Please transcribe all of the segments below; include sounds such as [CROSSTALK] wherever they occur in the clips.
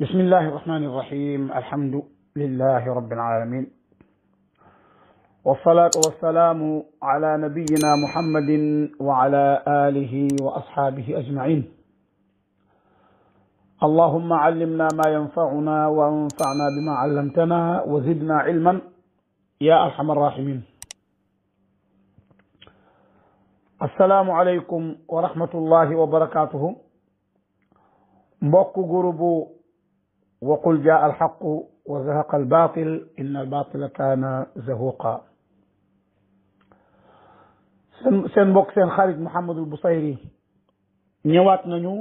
بسم الله الرحمن الرحيم الحمد لله رب العالمين والصلاة والسلام على نبينا محمد وعلى آله وأصحابه أجمعين اللهم علمنا ما ينفعنا وانفعنا بما علمتنا وزدنا علما يا أرحم الراحمين السلام عليكم ورحمة الله وبركاته mbokk gurubu waqul jaa alxaqu wa zahaqa albaatil inna albaatila kaana zahuqa seen seen mbokk seen xarit Mouhamadul Bousayri ñëwaat nañu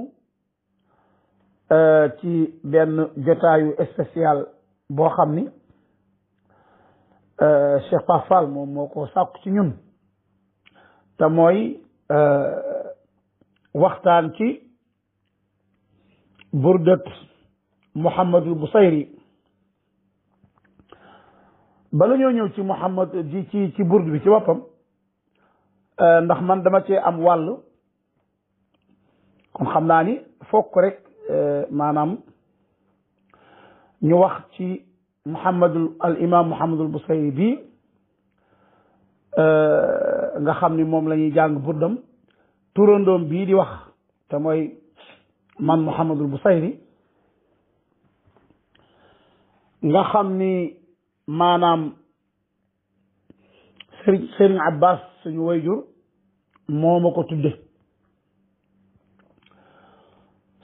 ci benn jotaayu spécial boo xam ni Cheikh Pape Fall moom moo ko sàkku ci ñun te mooy waxtaan ci burdat Mouhamadul Busayri bala ñoo ñëw ci Mouhamad ci ci ci burd bi ci boppam euh, ndax man dama cee am wàll kon xam naa ni fokk rek euh, maanaam ñu wax ci Mouhamadul al imam Mouhamadul Busayri bii euh, nga xam ni moom la ñuy jàng burdam turandoom bii di wax te mooy man Mouhamadul Busayri nga xam ni maanaam sëriñ sëriñ Abbas suñu wayjur moo ma ko tudde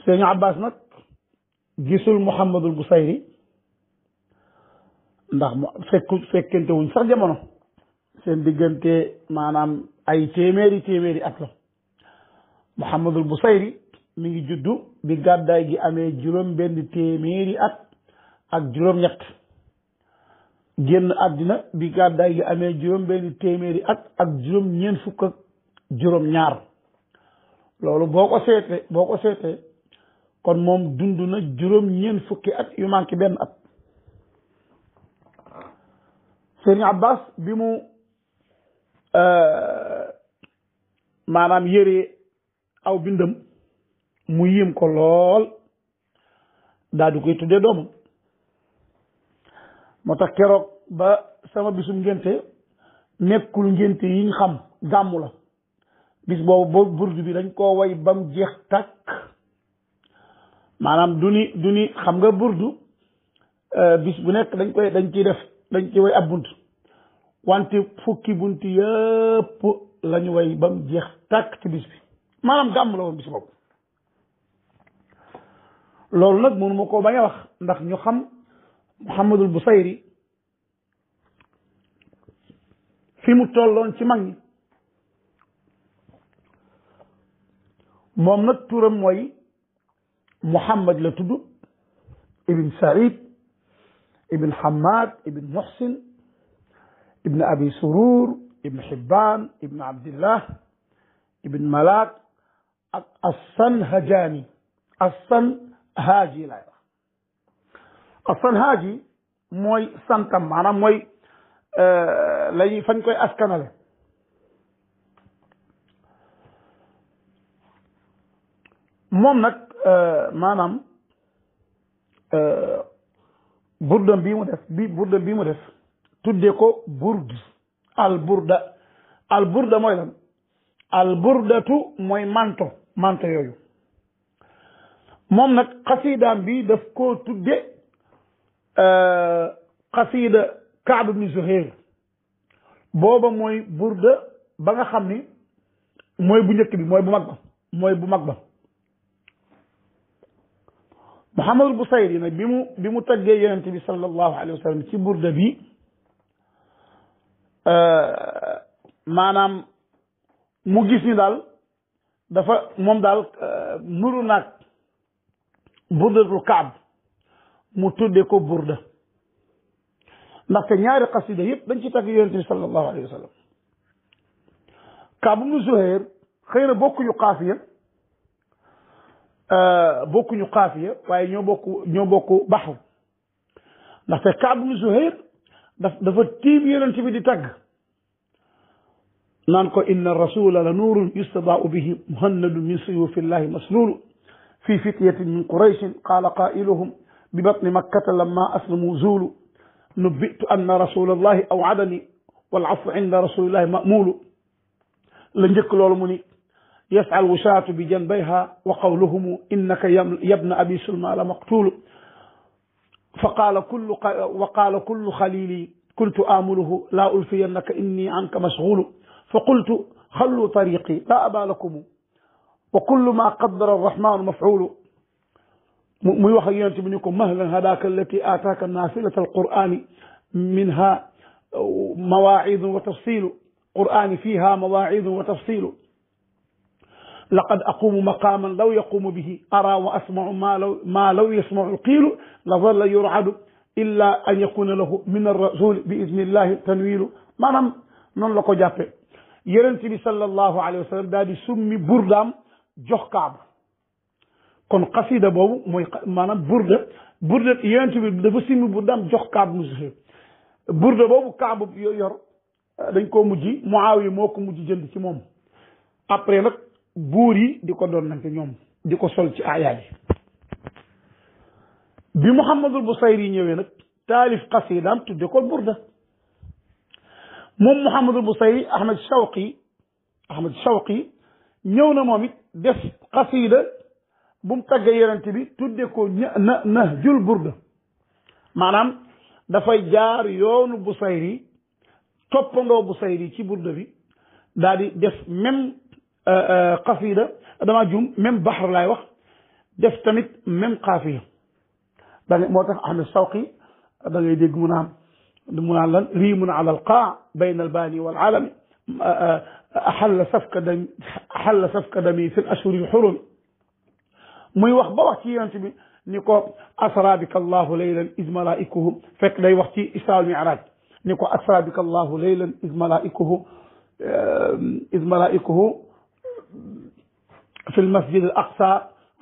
sëriñ Abbas nag gisul Muhammadul Busayri ndax mu fekku fekkente wuñ sax jamono seen diggante maanaam ay téeméeri téeméeri at la Muhammadul Busayri mi ngi juddu bi gàddaay gi amee juróom benn téeméeri at ak juróom-ñett génn àddina bi gàddaay gi amee juróom-benn téeméeri at ak juróom-ñeent fukk ak juróom-ñaar loolu boo ko seetee boo ko seetee kon moom dund na juróom-ñeent fukki at yu manqué benn at Sëriñ Abbas bi mu euh, maanaam yére aw bindam mu yim ko lool daal di koy tuddee doomam. moo tax keroog ba sama bisum ngénte nekkul ngénte yiñ xam gàmmu la bis boobu boo burdu bi dañ koo way mu jeex takk maanaam du ni xam nga burdu euh, bis bu nekk dañ koy dañ ci def dañ ci way ab bunt wante fukki bunt yëpp la ñu way bam jeex takk ci bis bi maanaam gàmmu la woon bis boobu loolu nag mënu koo bañ a wax ndax ñu xam Muhammadul Busayri fi mu tolloon ci mag ñi moom nag turam mooy Muhammad la tudd ibn Sarid ibn Hamad ibn Muhsin ibn Abi Surur ibn Hibban ibn Abdillah ibn Malak ak Assan Hajani Assan Haaji la asalhaaji mooy santam maanaam mooy euh, lañuy fañ koy askanale moom nag euh, maanaam euh, burdam bii def bi burdam def tudde ko burd al burda al burda mooy lan al burdatu mooy manto manto yooyu moom nag xasiidaam bi daf koo tudde xasida euh, Kaab ibn Zuhayr booba mooy burda ba nga xam ni mooy bu njëkk bi mooy bu mag ba mooy bu mag ba Muhammadul Busayri nag bi mu bi mu taggee yonent bi sallallahu alayhi wa sallam ci burda bi euh, maanaam mu gis ni daal dafa moom daal euh, nuru naag burdatul Kaab mu tudde ko burda ndaxte ñaari xasida yëpp dañ ci tagg yonente bi sallallahu alayhi wa sallam Kaab ibnu Zuhayr xëy na bokkuñu xaafiya euh, bokkuñu xaafiya waaye ñoo bokk ñoo bokk baxu ndaxte Kaab ibnu Zuhayr daf dafa tiim yonent bi di tagg naan ko inna rasula la nuurun yustabaau bihi muhannadu min suyufillahi masluulu fi fityatin min qurayshin qaala qailuhum bi batni makkata lamma aslamu zuulu nubbitu anna rasulallahi aw'adani wal afu inda rasulillahi ma'mulu la njëkk loolu mu ni yas'al wushaatu bi janbayha wa qawluhum innaka yabna abi sulma la maqtulu fa qaala kullu wa qaala kullu xalili kuntu aamuluhu laa ulfiyannaka inni anka mashgulu fa qultu xallu tariqi laa abaa lakumu wa kullu ma qaddara arrahmanu maf'ulu muy wax ak yonent bi ñu ko mahlan hadaka allati ataaka nafilata alqurani minha mawaacidun wa tafsilu qurani fiha mawaacidun wa tafsilu laqad aqumu maqaman law yaqumu bihi ara wa asmau ma law ma law yasmau lqiilu la zalla yuradu illa an yakuna lahu min arrasuli bi idnillahi tanwilu maanaam noonu la ko jàppe yonent bi sallallahu alayhi wa sallam daal di summi burdaam jox kaaba kon xasida boobu mooy maanaam burda burda yonent bi dafa simmi dam jox kaab mu zuhayr burda boobu kaab yor dañ koo mujj Muawiya moo ko mujj jënd ci moom après nag buur yi di ko doon nante ñoom di ko sol ci aayaat yi bi Muhammadul Busayri ñëwee nag taalif xasidaam tudde ko burda moom Muhammadul Busayri Ahmad Shawqi Ahmad Shawqi ñëw na moom it def xasida bu mu taggee yonent bi tudde ko na nahjul burda maanaam dafay jaar yoonu Busayri toppandoo Busayri ci burda bi daal di def même euh, euh, xasida dama jum même baxar laay wax def tamit même xaafiya da nga moo tax ahmed sawqi da ngay dégg mu naan mu naan lan riimun ala alqaa bayn albaani wal alami axalla euh, safka dami axalla safka dami fi l ashhuri l xurumi muy wax ba wax ci yonent bi ni ko asra bika allahu leylan iz malaikuhu fekk day wax ci isra wal mi'raj ni ko asra bika allahu leylan iz malaikuhu eh, iz malaikuhu fi lmasjid al aqsa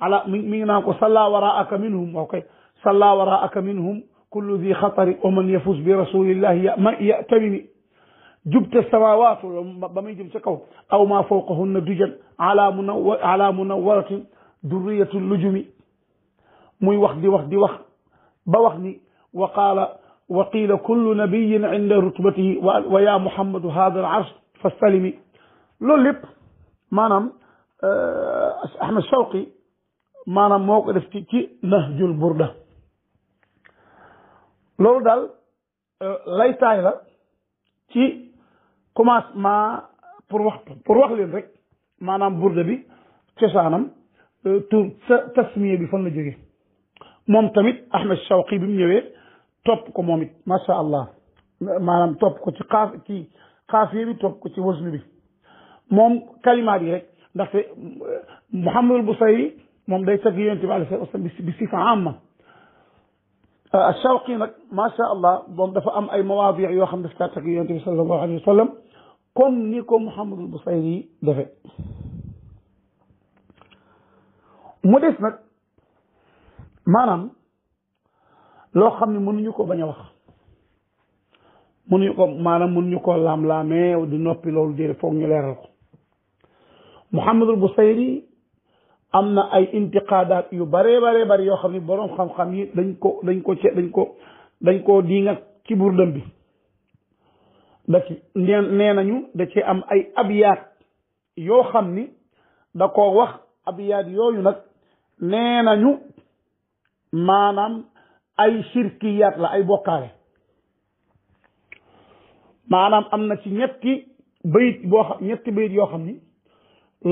ala mi ngi naan ko salla waraaka minhum waaw kay salla waraaka minhum kullu di xatari wa man yafus bi rasulillahi yama yatamini jubte samawatu ba muy jëm ca kaw aw ma fawqahunna dujan ala munawwaratin durriyatu lujumi muy wax di wax di wax ba wax ni wa qaala wa qiila kullu nabiyin inda rutbatihi wa ya muhammadu hada al arsh fastalimi loolu lépp maanaam eh, Ahmed Shawqi maanaam moo ko def ci ci nahjul burda loolu daal eh, laytaay la ci commencement pour wax pour wax leen rek maanaam burda bi cosaanam Euh, tur tasmiya bi fan la jóge moom tamit Ahmed Shawqi bi mu ñëwee topp ko moom it macha allah maanaam topp ko ci xaaf ci xaafiya bi topp ko ci wasnu bi moom kalimaat yi rek ndaxte euh, Mouhamadul Busayri moom day tagg yonente bi alayhi salaam bi sifa amma euh, Shawqi nag macha allah moom dafa am ay mawaadi yoo xam ne daf caa tagg yonente bi sallallahu alayhi wa sallam comme ni ko Mouhamadul Busayri defee mu des nag maanaam loo xam ne mënuñu ko bañ a wax mënuñu ko maanaam mënuñu ko laam-laamee du noppi loolu déedéet foog ñu leeral ko Muhammadul Busayri am na ay intiqaadaat yu bare bare bari yoo xam ni boroom xam-xam yi dañ ko dañ ko ce dañ ko dañ ko diinga ci burdam bi da ci nee nañu da ci am ay abyaat yoo xam ni da ko wax abyaat yooyu nag nee nañu maanaam ay shirkiyaat la ay bokkaale maanaam am na ci ñetti bayit boo xam ñetti bayit yoo xam ni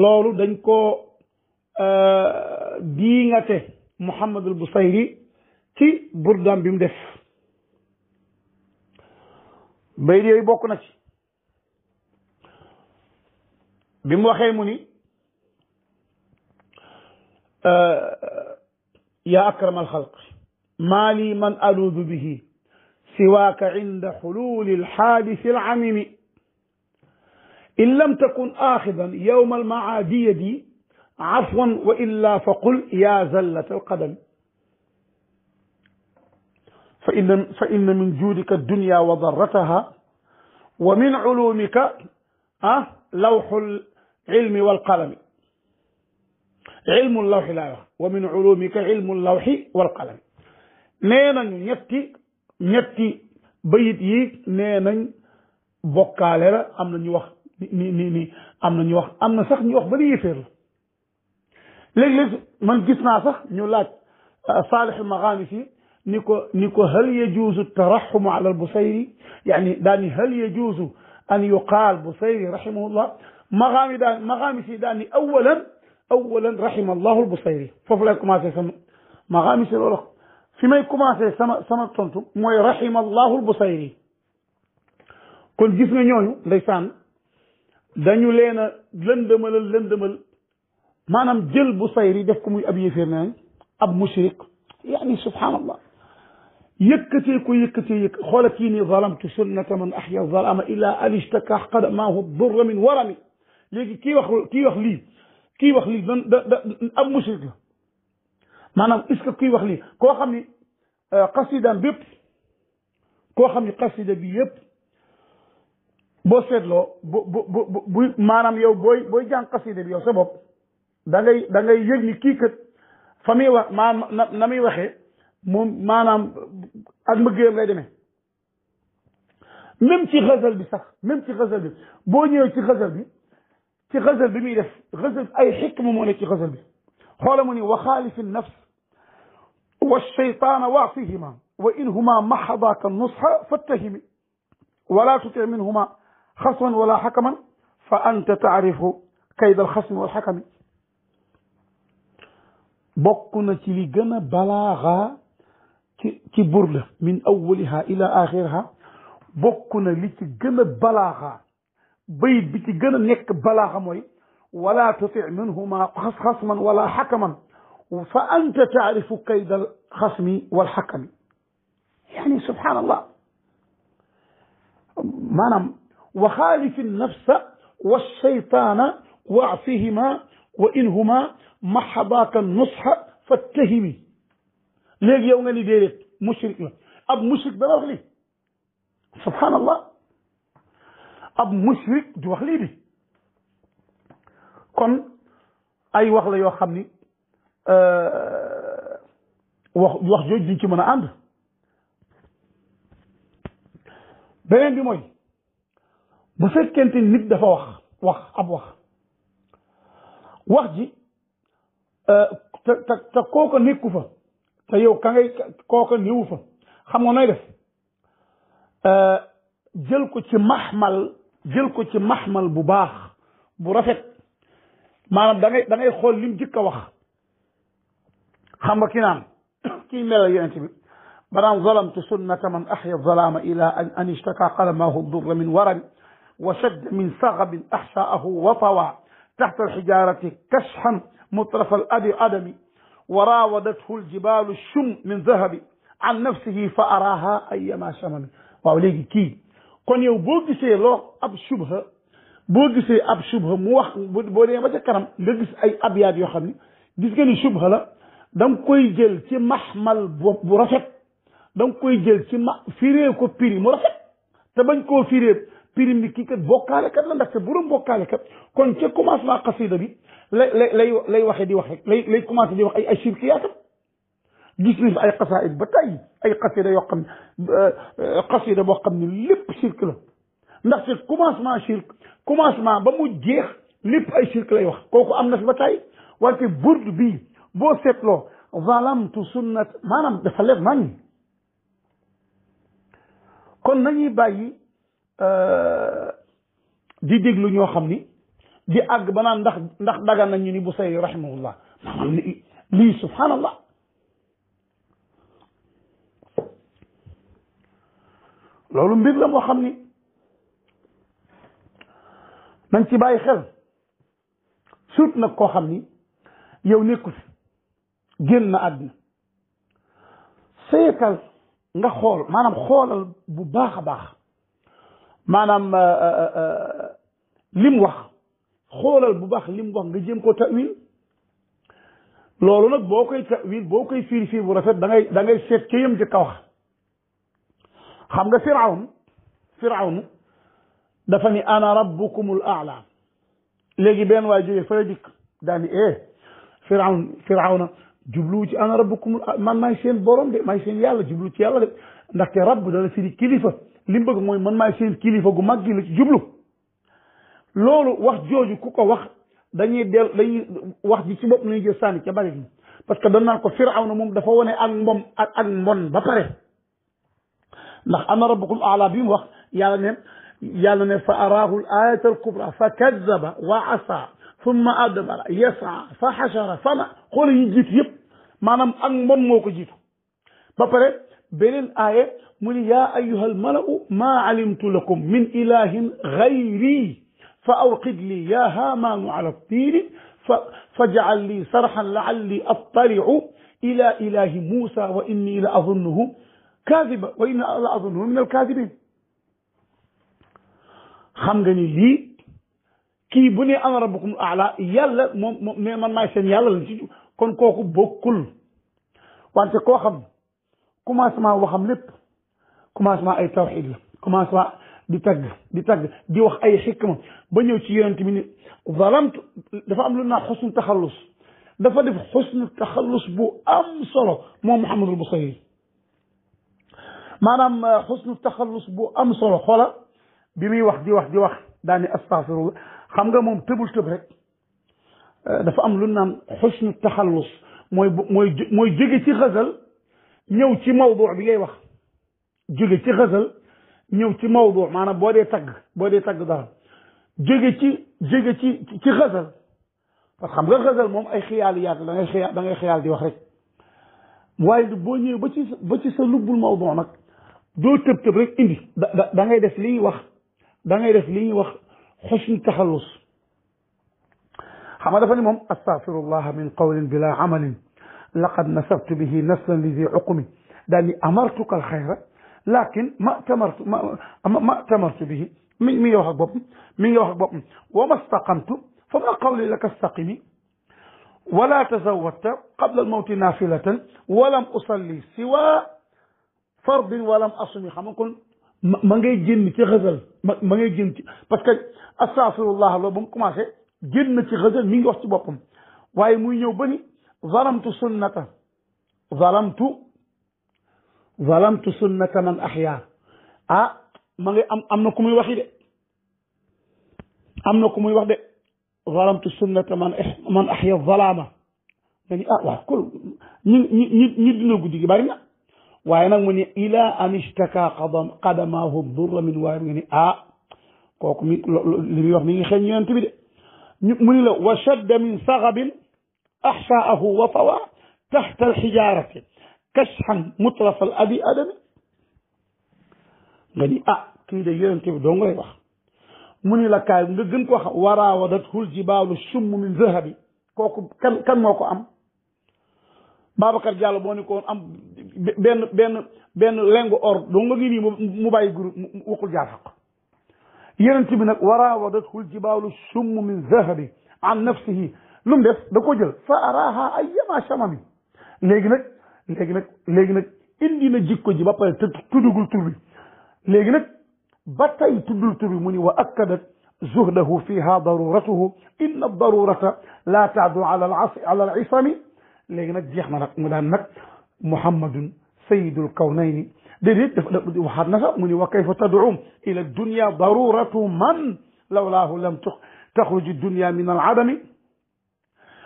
loolu dañ koo euh, diingate Muhammadul Busayri ci burdaam bi mu def bayit yooyu bokk na ci bi mu waxee mu ni yaa akramal xalq maa lii man aluudu bihi siwaaka inda xuluuli alxaadisi alamimi in lam takun aaxidan yowma almacaadiyati afwan wa illaa fa qul yaa zallata alqadami fa inna fa inna min juudika dunya wa darrataha wa min culuumika ah lawxu alcilmi walqalami ilmu lawxi laa wax wa min ulumika ilmu lawxi wal qalam nee nañu ñetti ñetti bayit yi nee nañ bokkaale la am na ñu wax ni ni ni am na ñu wax am na sax ñu wax ba ni yéeféer la léeg-léeg man gis naa sax ñu laaj euh, Saalih Maghaamis ni ko ni ko hal yajuuzu taraxumu ala Busayri yaani daani hal yajuuzu an yuqaal Busayri rahimahullah Maghaamis daani Maghaamis daani awalan awalan rahima allahu albusayri foofu lay commencé sama maxaamisi wolof fi may commencé sama sama tontu mooy rahima allahu albusayri kon gis nga ñooñu ndeysaan dañu leen a lëndëmalal lëndëmal maanaam jël Busayri def ko muy ab yéeféer nañ ab mushrik yaani subhaanallah yëkkatee ko yëkkatee yëkk xoola kii nii zalamtu sunnata man ahya zalama illa an ishtaka qadamahu durra min warami léegi kii wax kii wax lii kii wax lii doon da da ab mushrik la maanaam est kii wax lii koo xam ni euh, xasidaam bépp koo xam ni xasida bi yëpp boo seetloo bu bu bu bu maanaam yow booy booy jàng xasida bi yow sa bopp da ngay da yëg ni kii kat fa muy wax na na muy waxee moom maanaam ak mbëggeem lay demee même ci xasal bi sax même ci xasal bi boo ñëwee ci xasal bi ci xësal bi muy def xësal ay xikma moo nekk ci xësal bi xoola mu ni wa xaalifi nafs wa shaytaana waasihima wa in huma maxadaaka nusxa fattahimi wala tuti minhuma xasman wala xakaman fa anta taarifu kayd alxasmi walxakami bokk na ci li gën a balaaxa ci ci burda min awaliha ila axiriha bokk na li ci gën a balaaxa bayit bi ci gën a nekk balaaxa mooy wala tuti minhuma xasman wala xakaman fa anta taarifu kayda al xasmi wal xakami yani subhaanallah maanaam wa xaalifi nafsa wa shaytaana waafihima wa inhuma mahabaaka nusxa fattahimi léegi yow nga ni déedéet mushrik la ab mushrik dana wax li subhaanallah ab mushrik du wax lii di kon ay wax la yoo xam ni euh, wax wax jooj diñ ci mën a ànd beneen bi mooy bu fekkente nit dafa wax wax ab wax wax ji euh, te te te kooka nekku fa te yow ka ngay kooka néewu fa xam nga nooy def euh, jël ko ci maxmal jël ko ci maxmal bu baax bu rafet maanaam da ngay da ngay xool lim jëkk a wax xam nga ki naan [COUGHS] kii melal yonent bi banaan zalamtu sunnata man axya zalaama ila an ishtaka qalamahu durra min warami wa shadda min saxabin axshaahu wa tawa taxta alxijaarati kashan mutrafa alabi adami wa raawadathu aljibaalu shum min dahabi an nafsihi fa araaha ayama shamami waaw léegi kii kon yow boo gisee loo ab subha boo gisee ab subha mu wax boo dee ba ca kanam nga gis ay abyaat yoo xam ne gis nga ni la da koy jël ci maxmal bu rafet da koy jël ci ma firee ko piri mu rafet te bañ koo firee piri mi kii kat bokkaale kat la ndaxte borom bokkaale kat kon ca commencement xasida bi lay lay lay waxee di wax rek lay lay commencé di wax ay ay shirkiyaatam gis nañ fa ay xasaayid ba tey ay xasida yoo xam ne euh, xasida boo xam ne lépp ndax ci commencement shirk commencement ba mu jeex lépp ay shirk lay wax kooku am na fi ba tey wante burd bi boo seetloo zalamtu sunnat maanaam dafa leer nañ kon nañuy bàyyi euh, di déglu ñoo xam ni di àgg ba naan ndax ndax dagan nañu ni bu say rahimahullah maanaam lii subhanallah loolu mbir la moo xam ni nañ ci bàyyi xel suut nag koo xam ni yow nekkul génn na àdduna seetal nga xool maanaam xoolal bu baax a baax maanaam euh, euh, euh, lim wax xoolal bu baax lim wax nga jéem koo tawil loolu nag boo koy tawil boo koy firi firi bu rafet da ngay dangay ngay seet ca yëm jëkka wax xam nga firawn firawn dafa ni ana rabbukumul aala léegi benn waay jógee fële dikk daal ni eh firawn jublu ci ana rabbukumul man maay seen borom de maay seen yàlla jublu ci yàlla de ndaxte rabb dana firi kilifa li mu bëgg mooy man maay seen kilifa gu mag gi la ci jublu loolu wax jooju ku ko wax dañuy del dañuy wax ji ci bopp nañu jël sànni ca bari parce que dañ naan ko firawna moom dafa wone ak mbom ak ak mbon ba pare ndax ana rabbukum ala bi mu wax yàlla ne yàlla ne fa araahu l ayata al kubra fa kazzaba wa asa summa adbara yasa fa xashara fana xool yi jiitu yëpp maanaam ak mbon moo ko jiitu ba pare beneen aaya mu ni yaa ayuha almalau maa alimtu lakum min ilahin gayri fa awqid li ya haamaanu ala tiiri fa fajcal li sarxan laalli attalicu ila ilahi muusa wa inni la azunnuhu kaasiba wa in la azunnuhu min alkaasibin xam nga ni lii kii bu ne ana rabbukum ala yàlla moom moom mais man maay seen yàlla la ci kon kooku bokkul wante koo xam commencement waxam lépp commencement ay tawxid la commencement di tagg di tagg di wax ay xikma ba ñëw ci yonent bi ni zalamtu dafa am lu naa xusnu taxallus dafa def xusnu taxallus bu am solo moom Muhammadul Busayri maanaam euh, xusnu taxallus bu am solo xoola bi muy wax di wax di wax daani astaghfirullah xam nga moom tëbul tëb rek euh, dafa am lu naan xusnu taxallus mooy mooy mooy jóge ci xasal ñëw ci mawdu bi ngay wax jóge ci xasal ñëw ci mawdu maanaam boo dee tagg boo dee tagg dara jóge ci jóge ci ci xasal parce que xam nga xasal moom ay xiyaal yaat da ngay xiyaal da ngay xiyaal di wax rek waaye boo ñëwee ba ci ba ci sa lubbul mawdu nag doo tëb tëb rek indi da da ngay def li ñuy wax da ngay def li ñuy wax xusnu taxallus xam nga dafa ni moom astaghfirullah min qawlin bila amalin laqad nasabtu bihi naslan li zi uqumi daal ni amartuka al xayra lakin ma tamartu ma tamartu bihi mi mi ngi wax ak boppam mi ngi wax ak boppam wa ma staqamtu fa ma qawli laka staqimi wala tazawwadta qabla al mawti nafilatan walam usalli siwa fardin walam asumi xam nga kon ma ma ngay ci xësal ma ma ngay génn ci parce que astafirullah loolu ba mu commencé génn ci xësal mi ngi wax ci boppam waaye muy ñëw ba ni zalamtu sunnata zalamtu zalamtu sunnata man ahya ah ma am am na ku muy waxi de am na ku muy wax de zalamtu sunnata man eh, man ahya zalama nga ni ah waaw kon ñi ñi dina guddi gi bari waaye nag mu ne ila an istaka qadam qadamahu durra min waaye nga ni ah kooku mi li muy wax mi ngi xeeñ yonent bi de ñu mu ni la wa shadda min saxabin axsaahu wa fawa taxta alxijaarati kashan mutrafal abi adami nga ni ah kii de yonent bi doo ngay wax mu ni la kaay nga gën koo xam waraawadat hul jibaalu summ min zahabi kooku kan kan moo ko am Babacar Diallo boo ni ko am benn benn benn lengu or doo nga ngi nii mu bàyyi groupe mu waxul jaar xaq yonent bi nag waraawadathu ljibaalu summ min zahabi an nafsihi lu mu def da ko jël fa araaha ayyama shamami léegi nag léegi nag léegi nag indi na jikko ji ba pare te tuddugul tur bi léegi nag ba tey tuddul tur bi mu ni wa akkadat zuhdahu fiha daruratuhu inna darurata la taadu ala al isami léegi nag jeex na nag mu daan nag muhammadun sayidul kawnayni déedéet dafa waxaat na sax mu ni wa kayfa tad'um ila dunya daruratu man lawlaahu lam taxruju dunya min al adami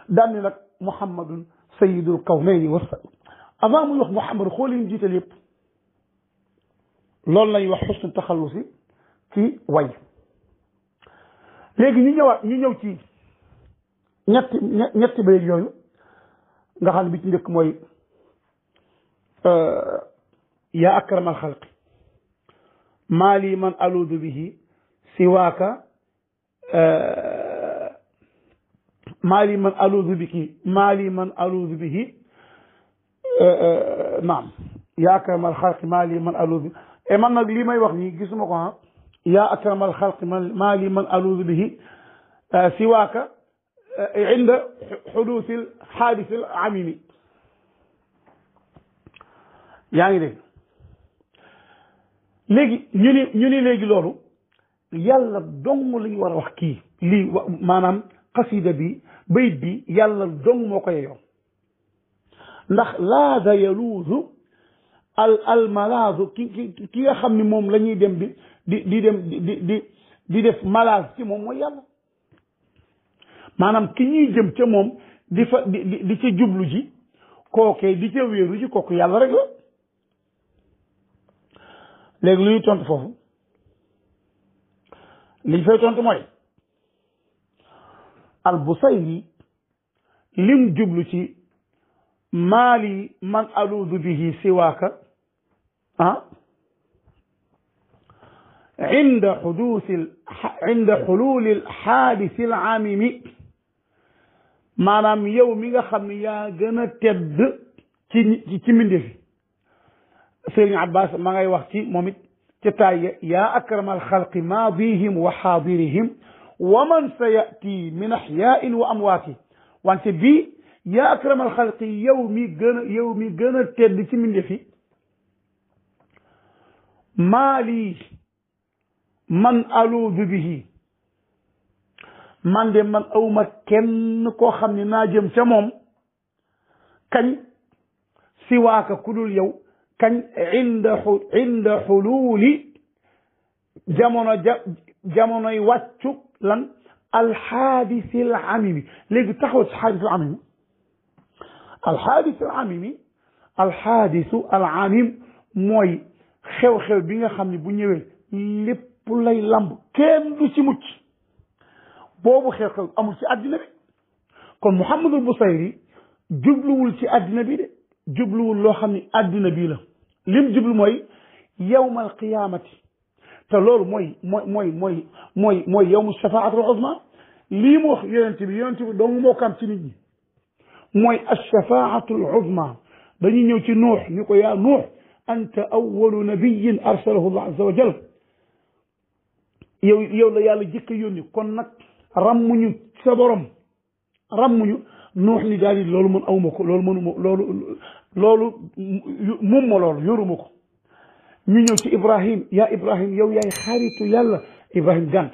daan ni nag muhammadun sayidul kawnayni wa avant muy wax muhammad xool li mu jiital yëpp loolu lañuy wax xusnu taxallusi ci way léegi ñu ñëwaat ñu ñëw ci ñetti ñetti bayit yooyu nga xam ne bi ci njëkk mooy euh, yaa akram al xalqi maa lii man aluudu bihi siwaaka euh, maa lii man aluudu biki maa lii man aluudu bihi euh, naam yaa akram al xalqi maa lii man aluudu e man nag lii may wax nii gisuma ko ah yaa akram al xalqi man maa lii man aluudu bihi siwaaka inda xuduusil xaadisil amimi yaa ngi dégg léegi ñu ni ñu ni léegi loolu yàlla dong lañu war a wax kii lii wa maanaam xasida bi bayit bi yàlla dong moo koy yoon ndax laada yaluusu al almalaasu ki ki ki nga xam ni moom la ñuy dem di di di dem di di di def malaas ci moom mooy yàlla maanaam ki ñuy jëm ca moom di fa di di ca jublu ji kookee di ca wéeru ji kooku yàlla rek la léegi lu ñuy tontu foofu liñ fay tontu mooy albusayri lim jublu ci maali man aluudu bihi siwaaka ah inda xuduusi inda xuluuli alxaadisi alaamimi maanaam yow mi nga xam ne yaa gën a tedd ci ci mbindéef yi Sëriñ Abbas ma ngay wax ci moom it ci taay yaa akramal xalqi maadihim wa xaadirihim wa man sa yati min axyaain wa amwaati wante bii yaa akramal xalqi yow mi gën a yow mi gën a tedd ci mbindéef yi maa lii man aluudu bihi man de man awma kenn koo xam ne naa jëm ca moom kañ siwaaka ku dul yow kañ inda xu inda xuluuli jamono ja jamonoy wàccu lan alxaadisi al amimi léegi taxaw ci xaadisi al amimi alxaadisi al amimi alxaadisu al amim mooy xew-xew bi nga xam ne bu ñëwee lépp lay lamb kenn du ci mucc boobu xew-xew amul ci àddina bi kon Muhammadul Busayri jubluwul ci àddina bi de jubluwul loo xam ni àddina bii la lim jublu mooy yawmal qiyaamati te loolu mooy mooy mooy mooy mooy mooy yawmu shafaatul uzma lii mu wax yonent bi yonent bi doomu moo ko am ci nit ñi mooy ashafaatul uzma dañuy ñëw ci nuux ñu ko yaa nuux anta awwalu nabiyyin arsalahu allah azza wa jal yow yow la yàlla jëkk a yónni kon nag rammuñu sa borom rammuñu nuux ni daal di loolu mën awuma ko loolu mënuma loolu loolu moom ma loolu yoruma ko ñu ñëw ci ibrahim yaa ibrahim yow yaay xaritu yàlla ibrahim gànt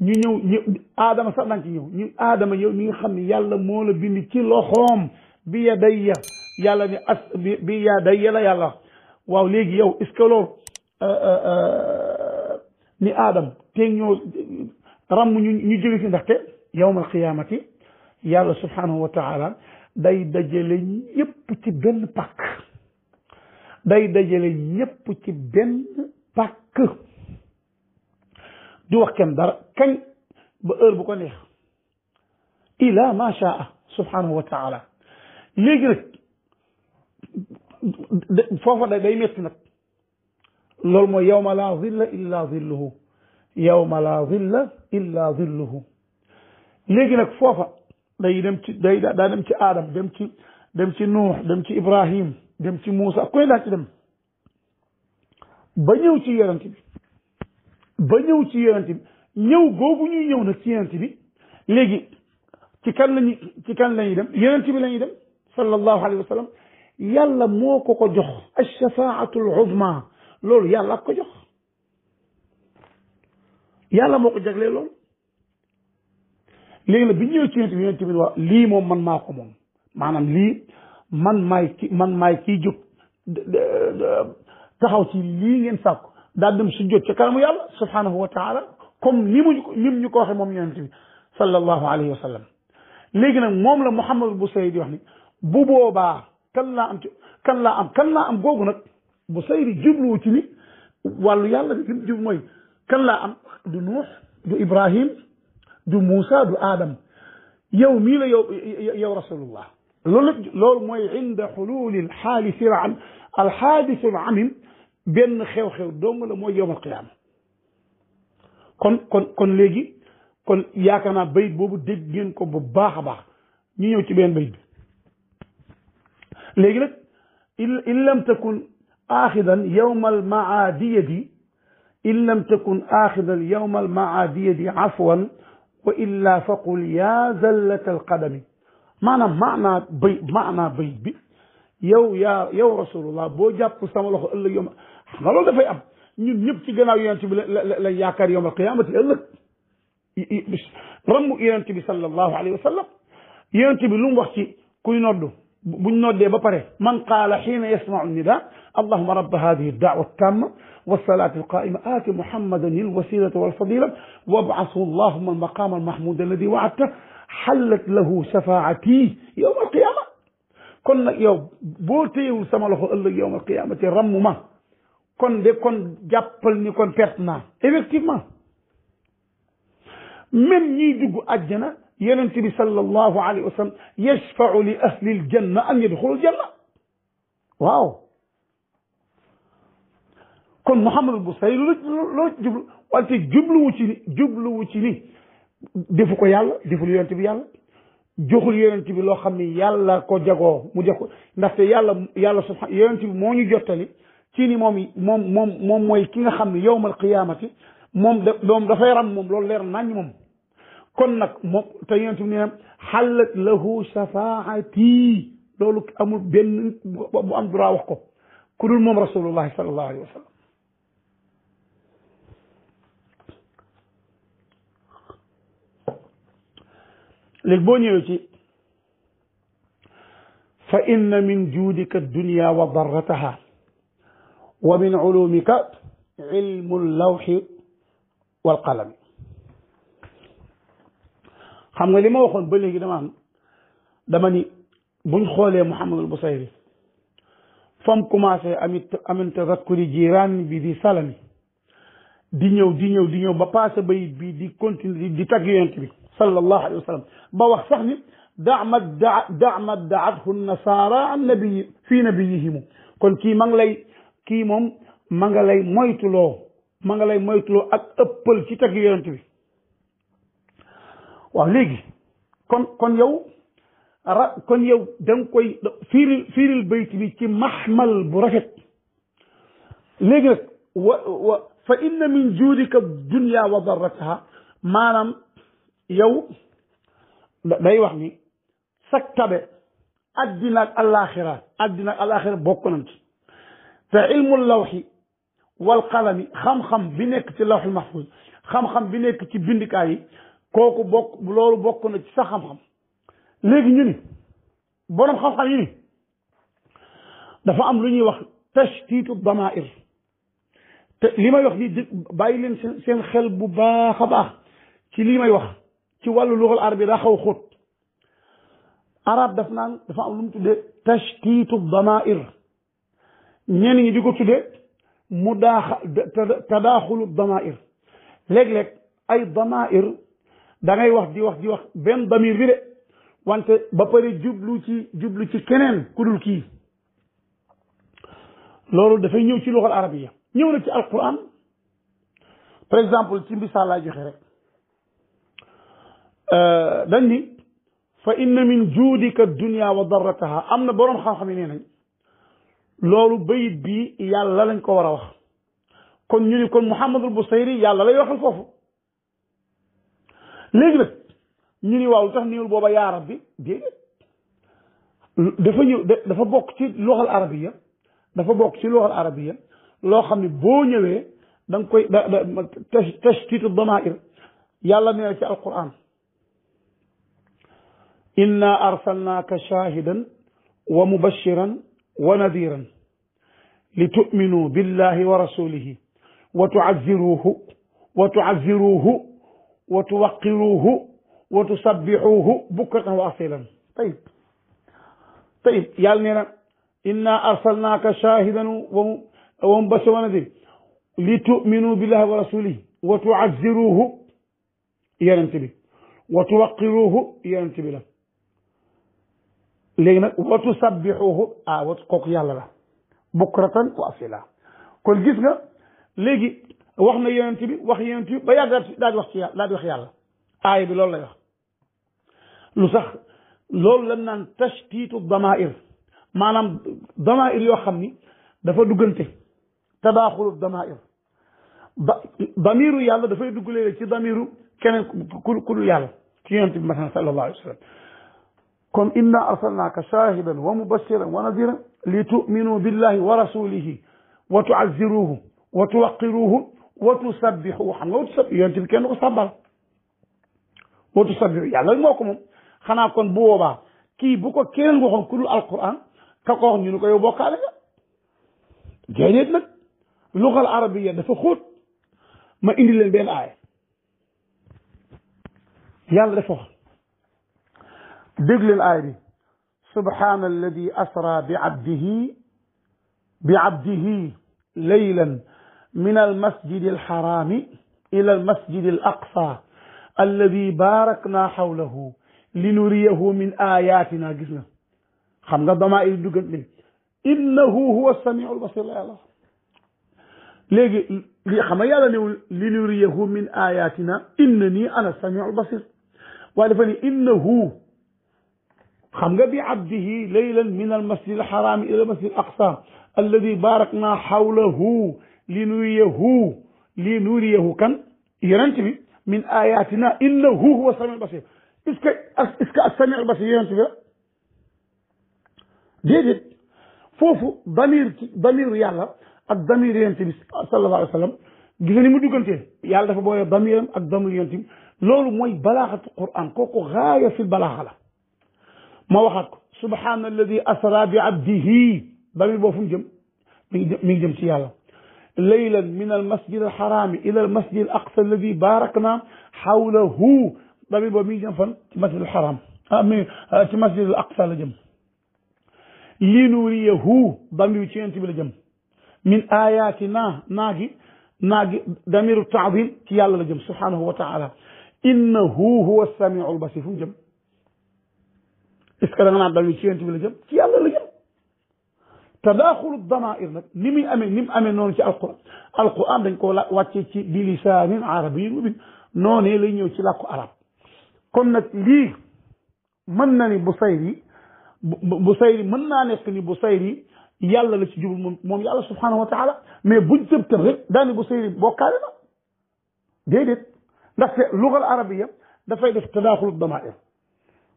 ñu ñëw ñu aadama sax daan ci ñëw ñu aadama yow mi nga xam ne yàlla moo la bind ci loxoom bi ya day ya yàlla ni as day ya yàlla waaw léegi yow loolu euh, euh, euh, ni aadam te ñoo ramm ñu ñu jóge ci ndaxte yawmal qiyaamati yàlla subhanahu wa taala day dajale ñëpp ci benn pàkk day dajale ñëpp ci benn pàkk du wax kenn dara kañ ba heure bu ko neex ila ma shaa subhanahu wa taala léegi nag foofa day day metti nag loolu mooy yawma laa zilla illa zilluhu yawma laa zilla illa zilluhu léegi nag foofa day dem ci day daa dem ci aadam dem ci dem ci nuux dem ci ibrahim dem ci muusa koy daa ci dem ba ñëw ci yonent bi ba ñëw ci yonent bi ñëw googu ñuy ñëw nag ci yonent bi léegi ci kan lañu ci kan la ñuy dem yonent bi la ñuy dem sallallahu alayhi wa sallam yàlla moo ko ko jox alshafaatu al uzma loolu yàlla ko jox yàlla moo ko jaglee loolu léegi nag bi ñëwee ci yonent bi yonent bi wax lii moom man maa ko moom maanaam lii man maay ki man maay kiy jóg taxaw ci lii ngeen sàkku daal dem su jot ca kanamu yàlla subhanahu wa taala comme ni mu nim ñu ko waxee moom yonent bi sallallahu alayhi wa sallam léegi nag moom la Muhammadul Busayri di wax ni bu boobaa kan laa am ci kan laa am kan laa am googu nag Busayri jubluwu ci ni wàllu yàlla bi fi mu jub mooy kan laa am du nuux du ibrahim du Moussa du Adam yow mii la yow yow rasulullah loolu loolu mooy inda xululi alxaadisi al alxaadisi al amim benn xew-xew dong la mooy yowmal qiyaama kon kon kon léegi kon yaakaar naa bayit boobu dégg ngeen ko bu baax a baax ñu ñëw ci benn bayit bi léegi nag in lam takun aaxidan yowmal maadiyati in lam takun axida alyawma almaadiyadi afwan wa illa faqul yaa zallat alqadami maanaam maanaa bay maanaa bay bi yow yaa yow rasulullah boo jàpp sama loxo ëllëg yom xam nga loolu dafay am ñun ñëpp ci gannaaw yonent bi la la yaakaar yowm alqiyamati ëllëg ramm yonent bi sallallahu alayhi wa sallam yonent bi lu mu wax ci kuy noddu buñ noddee ba pare man qaala xiina yasmau nida allahuma rabba hadihi daawa tamma wasalaati alqaima aati muhammadan ilwasilata walfadila wabcasu allahuma almaqama almahmud alladi waadta xallat lahu shafaati yowma alqiyama kon nag yow boo téyewul sama loxo ëllëg yowma alqiyamati ramm ma kon de kon jàppal ni kon perte naa effectivement même ñiy dugg àjjana yonent bi sallallahu alayhi wa sallam yashfau li ahli aljanna an yadxulu aljanna waaw kon Mouhamadul Busayri lu loo jublu wante jubluwu ci ni jubluwu ci ni defu ko yàlla deful yonent bi yàlla joxul yonent bi loo xam ni yàlla ko jagoo mu jox ko ndaxte yàlla yàlla subhaana yonent bi moo jottali ci ni moom moom mooy ki nga xam ne yowmal qiyaamati moom da moom dafay ram moom loolu leer nañ moom kon nag moom te yonent bi nee xallat lahu shafaati loolu amul benn bu am droit wax ko ku dul moom rasulullahi sallallahu alayhi wa sallam léegi boo ñëwee ci fa inna min juudika dunya wa darrataha wa min ulumika ilmu lawxi walqalami xam nga li ma waxoon ba léegi dama dama ni buñ xoolee Muhammadul Busayri fam commencé amit amin tazakkuri jiraan bi bi salami di ñëw di ñëw di ñëw ba passé bayit bi di continuer di tagg yonent bi sallallahu alayhi wa sallam ba wax sax ni dama da dama daathu nasaara an nabii fii nabiyihimu kon kii ma ngi lay kii moom ma nga lay moytuloo ma nga lay moytuloo ak ëppal ci tagg yonent bi waaw léegi kon kon yow ra kon yow da koy fiiril fiiril bayt bi ci maxmal bu rafet léegi nag wa wa fa inna min juudika dunya wa darrataha maanaam yow day wax ni sak tabe addina ak alaxira addina ak ci te ilmul lawxi wal qalami xam-xam bi nekk ci lawxul mahfuz xam-xam bi nekk ci bindikaay yi kooku bokk loolu bokk na ci sa xam-xam léegi ñu ni xam-xam yi dafa am lu ñuy wax tashtiitu damair te li may wax nii bàyyi leen seen xel bu baax a baax ci lii may wax ci wàllu luxal arab bi daa xaw xóot arab daf naan dafa am lu mu tuddee tashtiitu damair ñenn ñi di ko tuddee mu daaxa tadaaxulu damair léeg-léeg ay damair da ngay wax di wax di wax benn damir bi de wante ba pare jublu ci jublu ci keneen ku dul loolu dafay ñëw ci luxal arabiya ñëw na ci alquran par exemple ci misaal laa joxe rek euh, dañ ni fa inna min juudika dunia wa darrataha am na boroom xam-xam yi nee loolu bayit bi yàlla lañ ko war a wax kon ñu ni kon muhammadul busayri yàlla lay waxal foofu léegi nag ñu ni waaw lu booba yaa rabbi dafa ñëw dafa bokk ci arabiya dafa bokk ci loxal loo xam ne boo ñëwee da nga koy da damair yàlla nee na ci alquran inna arsalnaaka shaahidan wa mubashiran wa nadiran li tu'minu billahi wa rasulihi wa tu'azziruhu wa wa tuwaqiruuhu wa tusabbihuuhu bukratan wa asilan tayib tayib yàlla nee na inna arsalnaaka shaahidan wa mubashiran wa nadiir li tu'minu billahi wa rasulihi wa tu'azziruuhu yonent bi wa tuwaqiruuhu yonent bi la léegi nag wa tusabbihuuhu ah kooku yàlla la bukratan wa asila kon gis nga léegi wax na yonent bi wax yonent bi ba yàgg daal di wax ci yàlla daal di wax yàlla aaya bi loolu lay wax lu sax loolu lañ naan tashtiitu damair maanaam damair yoo xam ni dafa duggante tadaaxulu damair ba damiru yàlla dafay dugg léeg ci damiru keneen ku ku dul yàlla ci yonent bi masalan sallallahu alayhi wa sallam kon inna arsalnaaka shaahidan wa mubashiran wa nadiran li tu'minu billahi wa rasulihi wa tu'azziruhu wa tuwaqqiruhu wa tusabbixu xam nga wa tusabbixu yonent bi kenn du ko sabbal wa tusabbixu yàlla moo ko moom xanaa kon bu boobaa kii bu ko keneen waxoon ku dul alquran ka ko wax ñu ni ko yow bokkaale nga déedéet nag luxal arabiya dafa xóot ma indi leen benn aaya yàlla dafa wax dégg leen aaya bi subhaana alladi asra bi abdihi bi abdihi laylan min almasjidi alxarami ila almasjidi alaqsa alladi baarakna xawlahu linuriyahu min ayatina gis na xam nga dama il duggan bi innahu huwa samiu albasir la yàlla léegi li xam nga yàlla newul linuriyahu min ayatina innani ana samiu albasir waaye dafa ne innahu xam nga bi abdihi laylan min almasjid alxarami ila almasjid alaqsa alladi baarakna xawlahu li nuriyahu li nuriyahu kan yonent bi min ayatina innahu huwa samiul basir est-ce que est-ce que ak samiul basir yonent bi la déedéet foofu damir damiru yàlla ak damir yonent bi sallallahu alayhi wa sallam gis nga ni mu duggantee yàlla dafa booyee damiram ak damir yonent bi loolu mooy balaaxatu quran kooku gaaya fi balaaxa la ma waxaat ko subhaana alladi asra bi abdihi damir boo fu mu jëm mi ngi jëm ci yàlla ليلا من المسجد الحرام إلى المسجد الأقصى الذي باركنا حوله dabi ba mi jëm fan ci masjid alxaram ah mi ah, ci masjid al aqsa la jëm li nuriyahu dami bi ci yent bi la jëm min ayatina naagi naagi damiru taadim ci yàlla la jëm subhanahu wa taala innahu huwa samiu albasir fu mu jëm est ce que da nga naan dami bi ci yent bi la jëm ci yàlla la jëm tadaaxulu damair nag ni muy amee ni amee noonu ci alquran alquran dañ ko wàccee ci bi lisaanin arabiyyin mubiin noonee lay ñëw ci làkku arab kon nag lii mën na ni Busayri Busayri mën naa ne ni Busayri yàlla la ci jubul moom moom yàlla subhaanahu wa taala mais buñ tëb tëb rek daani Busayri bokkaale na déedéet ndaxte lugal arabiya dafay def tadaaxulu damair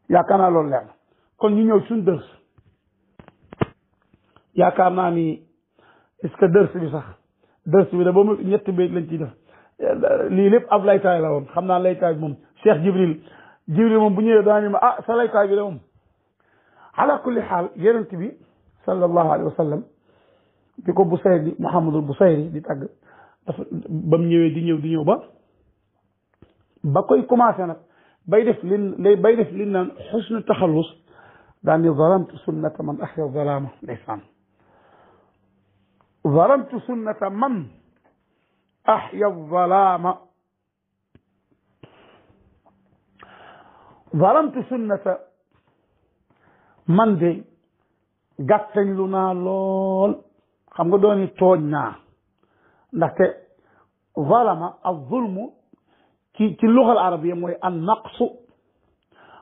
yaakaar naa loolu leer kon ñu ñëw suñu yaakaar naa ni est ce que dërs bi sax dërs bi da ba mu ñetti béy lañ ciy def lii lépp ab laytaay la woon xam naa laytaay bi moom Cheikh Jibril Jibril moom bu ñëwee daañu ma ah sa laytaay bi de moom ala kulli xaal yonent bi sallallahu alayhi wa sallam di ko Busayri Muhammadul Busayri di tàgg dafa ba mu ñëwee di ñëw di ñëw ba ba koy commencé nag bay def lin lay bay def lin naan xusnu taxallus daal ni zalamtu sunnata man ahya zalama ndeysaan ظلمت سنة من أحيا الظلام ظلمت سنة man de gàttañ lu naa lool xam nga dooni tooñ naa ndaxte zalama al zulmu ci ci luxal arabia mooy an naqsu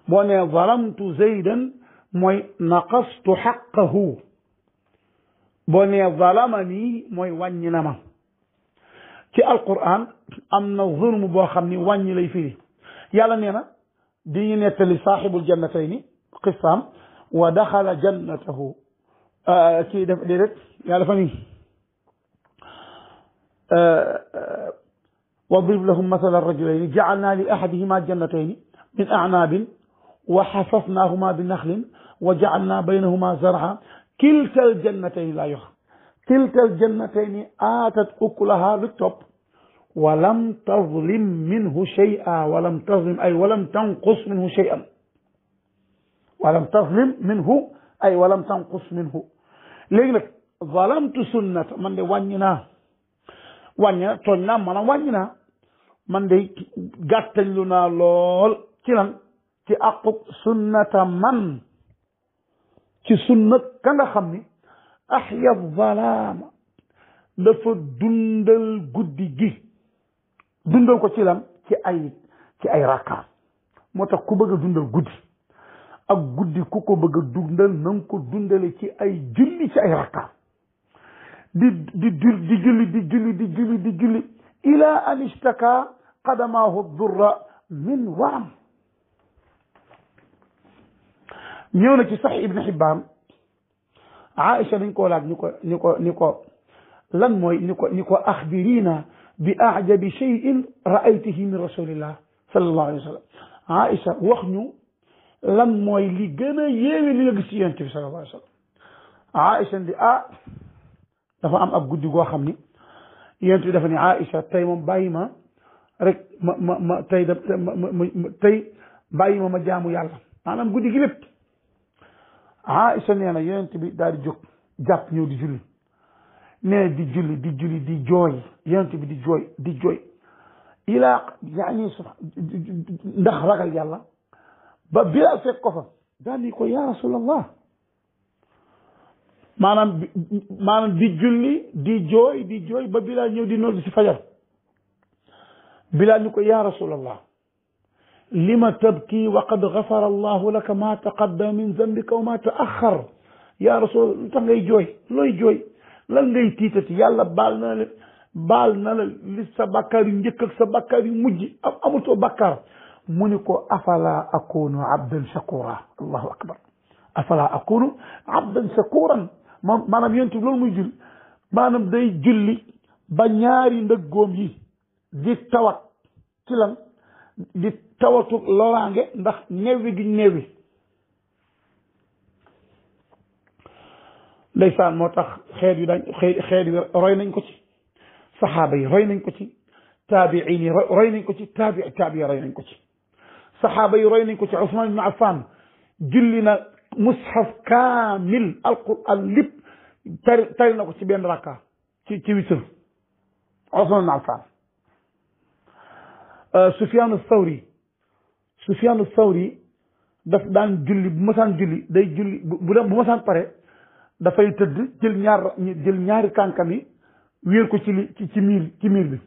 boo nee zalamtu zaydan mooy naqastu xaqahu boo nee zalama nii mooy wàññi na ma ci alquran am na zulm boo xam ni wàññi lay firi yàlla nee na di ñu nettali saaxibul jannatayni xisaam wa daxala jannatahu euh, kii def déedéet yàlla dafa ni euh, euh, wadrib lahum masala rajulayni jaalna li ahadihima jannatayni min a'naabin wa xasasnaahuma bi naxlin wa jaalna baynahuma zar'a kiltal jannatayni laa yoo xam kiltal jannatayni aatat ukulaha lu topp walam tazlim minhu shay'a walam tazlim ay walam tanqus minhu shay'an walam tazlim minhu ay walam tanqus minhu léegi nag zalamtu sunnata man de wàññi naa wàññi naa tooñ naa maanaam wàññi naa man de gàttañlu naa lool ci lan ci aqub sunnata man ci sunna ka nga xam ni ahya zalaama dafa dundal guddi gi dundal ko ci lan ci ay ci ay rakkaat moo tax ku bëgg a dundal guddi ak guddi ku ko bëgg a dundal na nga ko dundale ci ay julli ci ay rakkaat di di di julli di julli di julli di julli ila an ishtaka qadamaahu durra min waram ñëw na ci sax ibn Xibbaan Aïcha dañ koo ko ni ko ni ko lan mooy ni ko ni ko bi ajabi cheyin raaytihi min rasulillah sallallahu alayhi wa wax ñu lan mooy li gën a yéeme li nga gis ci yonent bi sallallahu alayhi ah dafa am ab guddi goo xam ni yonent bi dafa ne Aïcha tey moom bàyyi ma rek ma ma ma tey da ma ma ma ma yàlla maanaam guddi gi Aïcha nee na yonent bi daal di jóg jàpp ñëw di julli nee di julli di julli di jooy yonent bi di jooy di jooy ilaa yaani ndax ragal yàlla ba Bilaal fekk ko fa daal ni rasulallah maanaam maanaam di julli di jooy di jooy ba Bilaal ñëw di nodd si fajar Bilaal ni ko yaa rasulallah lima tabki wa qad gafara allahu laka ma taqaddama min zambika wa ma taaxar yaa rasul lu tax ngay jooy looy jooy lan ngay tiitati yàlla baal na la baal na la li sa bàkkaar yu njëkk ak sa bàkkaar yu mujj am amutoo bàkkaar mu ni ko afala akunu abdan shakura allahu akbar afala akunu abdan shakuran moom maanaam yontu loolu muy julli maanaam day julli ba ñaari ndëggoom yi di tawat ci lan di tawatu loraange ndax néewi gi néewi ndeysaan moo tax xeet yu dañ xeet nañ ko ci saxaaba yi roy nañ ko ci taabiin yi roy nañ ko ci taabi taabi nañ ko ci saxaaba yi roy nañ ko ci Usmaan ibn Affaan na mushaf lépp tari na ko ci benn rakka ci ci witr Usmaan ibn Euh, Sufyaan Sawri Sufyaan Sawri daf daan julli bu masaan julli day julli bu bu masaan pare dafay tëdd jël ñaar jël ñaari tànkam yi wéer ko ci li ci ci miir bi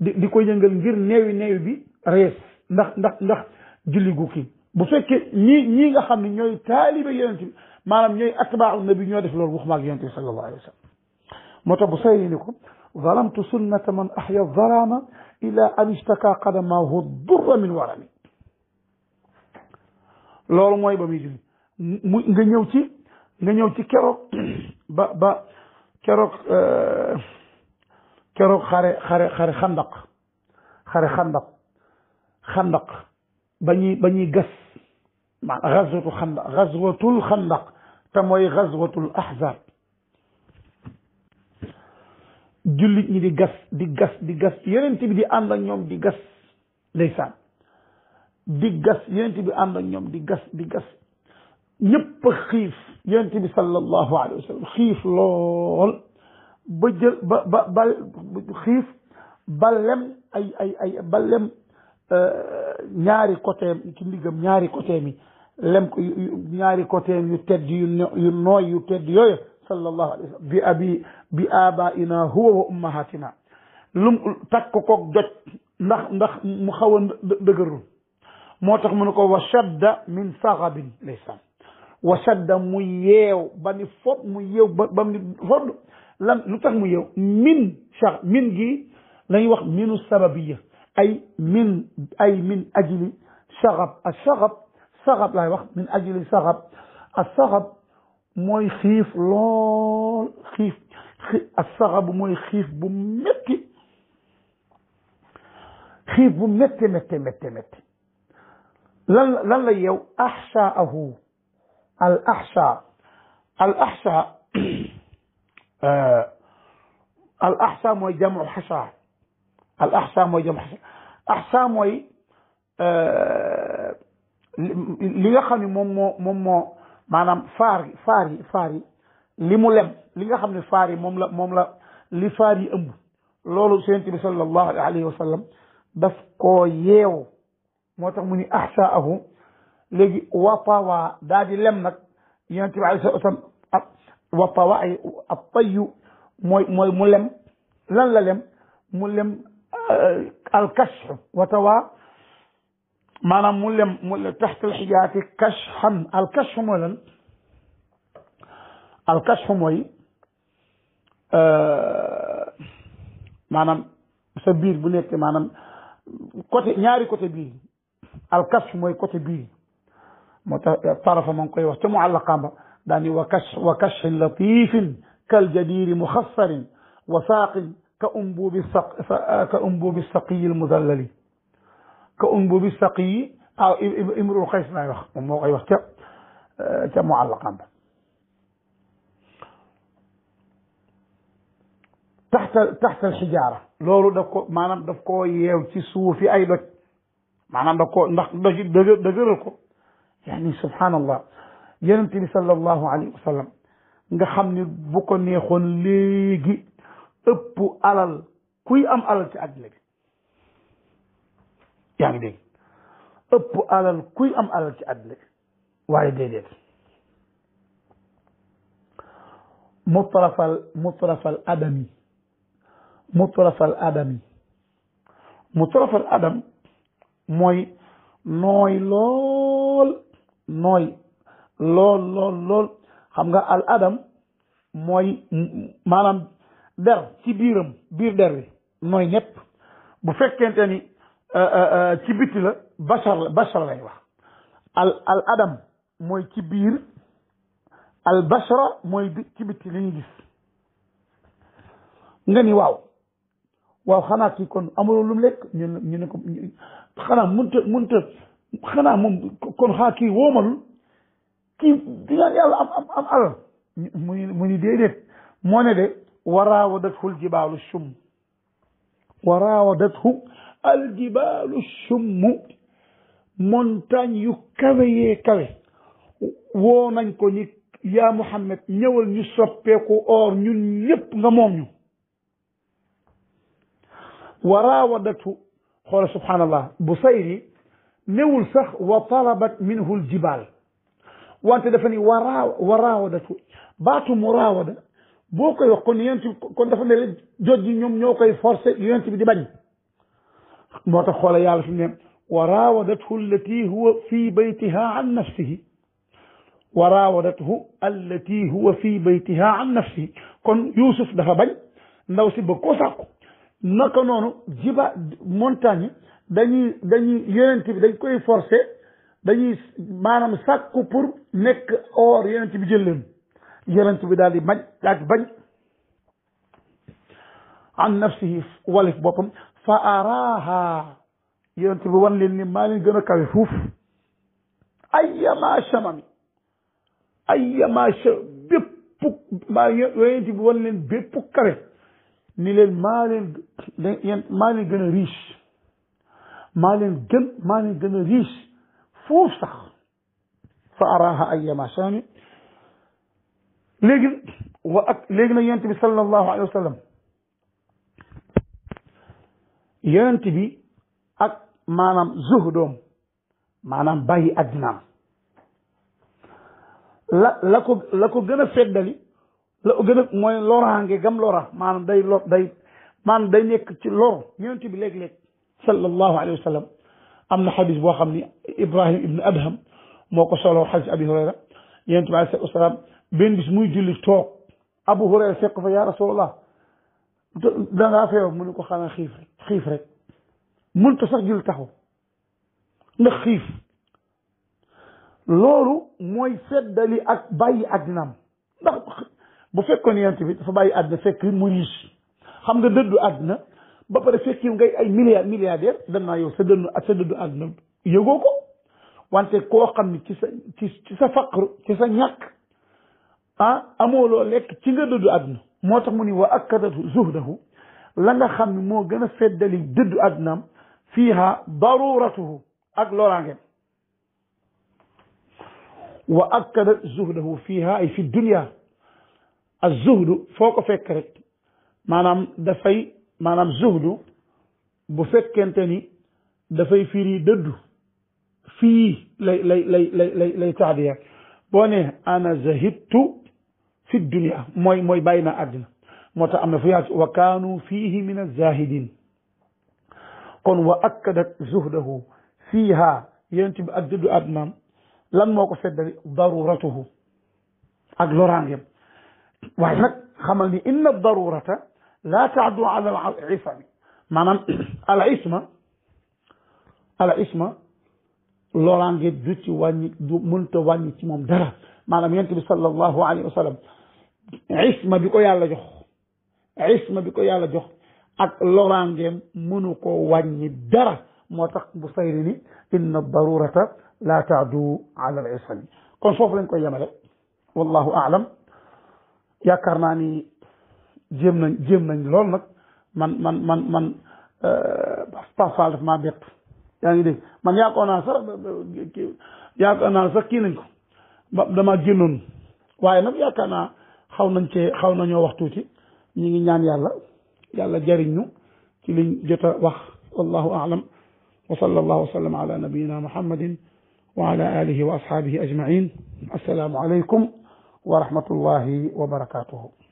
di di ko yëngal ngir neewi neewi bi rees ndax ndax ndax julli gu kii bu fekkee ñii ñii nga xam ne ñooy taalibe yonent bi maanaam ñooy atbaaru nabi ñoo def loolu waxuma ak yonent bi sallallahu moo tax bu say ni ko zalamtu sunnata man ahya zalama ila an istaka qadamahu durra min warami loolu mooy ba muy julli mu nga ñëw ci nga ñëw ci keroog ba ba keroog eh, keroog xare xare xare xandaq xare xandaq xandaq ba ñuy ba ñuy gas maanaam xazwatu xandaq xazwatul xandaq te mooy xazwatul ahzab jullit ñi di gas di gas di gas yonent bi di ànd ak ñoom di gas di gas yonent bi ànd ak ñoom di gas di gas ñëpp a xiif yonent bi sallallahu alayhi wa sallam xiif lool ba jël ba ba ba xiif ba lem ay ay ay euh, ñaari côté ci ndiggam ñaari côté mi lem ko ñaari côté yu tedd yu yu nooy yu tedd yooyu sallallahu alayhi wa sallam bi abi bi abaina huwa wa ummahatina lum takk koog doj ndax ndax mu xaw a dëgërul moo tax mu ne ko wa shadda min saxabin ndeysaan wa shadda mu yeew ba ni foog mu yeew ba ba ni foog lan lu tax mu yeew min sax min gi la ñuy wax minu sababiya ay min ay min ajli saxab a saxab saxab laay wax min ajli saxab a saxab mooy xiif lool xiif assaxabu mooy xiif bu metti xiif bu metti metti metti metti lan lan la yow axshaahu al axsha al axsha [CLEARS THROAT] euh, al axsha mooy jamu xasha al axsha mooy jamu xasha axsha mooy euh, li nga xam ne moom moo moom moo maanaam faar yi faar yi faar yi li mu lem li nga xam ne faar yi moom la moom la li faar yi ëmb loolu Yonent bi sallallahu alayhi wa sallam daf koo yeew moo tax mu ni ahsaahu léegi wapawa daa di lem nag Yonent bi alayhi sallam ab wapawa ay ab payyu mooy mooy mu lem lan la lem mu lem euh, alkashu watawaa maanaam mu lem mu taxtal xijaati kashxan al kashxu mooy lan al kashxu mooy euh, maanaam sa biir bu nekk maanaam côté ñaari côté biir al kashxu mooy côté biir moo tax euh, tarafa ma ngi koy wax ca muallaqaam ba daani wa kash wa kashxin latifin kal jadiri muxassarin wa saaqin ka umbubi saq ka umbubi saqiyi al muzallali ka unbubi um saqi aw imrul xays nay wax moom moo koy wax ca euh, ca muallaqam ba taxta taxta alxijaara loolu da ko maanaam daf koo yeew ci suufi ay doj maanaam daf koo ndax doj dëgë ko yaani subhaanallah yonent bi sallallahu alayhi wa sallam xam ni bu ko neexoon léegi ëpp alal kuy am alal ci àddina yaa ngi alal kuy am alal ci àddina waaye déedéet mutrafal mutrafal adami mutrafal adami mutrafal adam mooy nooy lool nooy lool lool lool xam nga al adam mooy maanaam der ci biiram biir der nooy ñëpp bu fekkente ni Euh, euh, euh, ci bitti la bachar la bachar lay wax al al adam mooy ci biir al bachara mooy ci bitti li ñu gis nga ni waaw waaw xanaa kii kon amuloo lu mu lekk ñu ne ñu ne ko xanaa mënta mënta xanaa moom kon xaa kii woomalul kii di yàlla am am am alal mu ni mu ni déedéet moo ne de waraawadathu ljibaalu shum waraawadathu aljibaalu summu montagne yu kawe yee kawe woo nañ ko ni yaa Muhammad ñëwal ñu soppeeku or ñun ñépp nga moom ñu wa raawadatu xoola subhaanallah bu sayri newul sax wa talabat minhu aljibaal wante dafa ni waraa wa raawadatu baatu muraawada boo koy wax kon yonent bi kon dafa ne la jot ji ñoom ñoo koy forcé yonent bi di bañ moo tax xoola yàlla fi mu ne wa raawadathu allati huwa fi baytiha an nafsihi wa raawadathu allati huwa fi baytiha an nafsihi kon Yuusuf dafa bañ ndaw si ba koo sàkku naka noonu jiba montagne dañuy dañuy bi dañ koy forcé dañuy maanaam sàkku pour nekk or yonent bi jël leen yonent bi daal di bañ daal di bañ an nafsihi walif boppam fa araaha yonent bi wan leen ni maa leen gën a kawe fuuf ayyama shamami ayyama bépp maa yonent bi wan leen bépp kawe ni leen maa leen maa leen gën a riche maa leen gën maa leen gën a riche fuuf sax fa araaha ayyama shamami léegi wa ak léegi nag yonent bi sallallahu alayhi wa sallam yonent bi ak maanaam zuhdoom maanaam bàyyi addinaam la la ko la ko gën a feddali la ko gën a mooy loraange gam lora maanaam day lor day maanaam day nekk ci lor yonent bi léeg-léeg sallallahu alayhi wa sallam am na xadis boo xam ni Ibrahim ibn Adham moo ko soloo xadis Abi Hurayra yonent bi alayhi salaam benn bis muy julli toog Abu Hurayra fekk fa yaa rasulallah da ngaa mu ne ko xanaa xiif rek xiif sax jul taxaw ndax xiif loolu mooy seddali ak bàyyi àddinaam ndax bu fekkoon yent bi dafa bàyyi àddina fekk mu riche xam nga dëddu àddina ba pare fekk yow ngay ay milliard milliardaire dan naa yow sa ak sa dëddu àddina yëgoo ko wante koo xam ne ci sa ci ci sa faqr ci sa ñàkk ah amooloo lekk ci nga dëddu àddina moo tax mu ni wa akkadatu zuhdahu la nga xam ne moo gën a feddali dëddu àddunaam fiiha daruratuhu ak loraangeem wa akkada zuhdahu fiiha ay fi dunia ak zuhdu foo ko fekk rek maanaam dafay maanaam zuhdu bu fekkente ni dafay firi dëddu fii lay lay lay lay lay lay taadiya boo ne ana zahidtu fi dunia mooy mooy bàyyi naa àddina moo tax am na fu yaa wa kaanu fiihi min azahidin kon wa akkadat zuhdahu fiiha yonent bi ak dëddu àddinaam lan moo ko feddali daruratuhu ak loraangeem waaye nag xamal ni inna darurata laa taaddu ala al isami maanaam [CLEARS THROAT] al isma al isma loraange du ci wàññi du mënta wàññi ci moom dara maanaam yonent bi sallallahu alayhi wa sallam isma bi ko yàlla jox isma bi ko yàlla jox ak loraangeem mënu koo wàññi dara moo tax bu sayri ni inna darurata la taadu ala al isami kon foofu lañ koy yemale wallahu aalam yaakaar naa ni jéem nañ jéem nañ lool nag man man man man euh, parfois daf maa bett yaa ngi dégg man yaakaar naa sax yaakaar naa sax kii nañ ko ba damaa génnoon waaye nag yaakaar naa xaw nañ cee xaw nañoo wax tuuti ñu ngi ñaan yàlla yàlla jariñ ñu ci liñ jot a wax wallahu aalam wa sallallahu wa sallam ala nabiyina muhammadin wa ala alihi wa ashabihi ajmain assalaamu alaykum wa rahmatullahi wa barakatuhu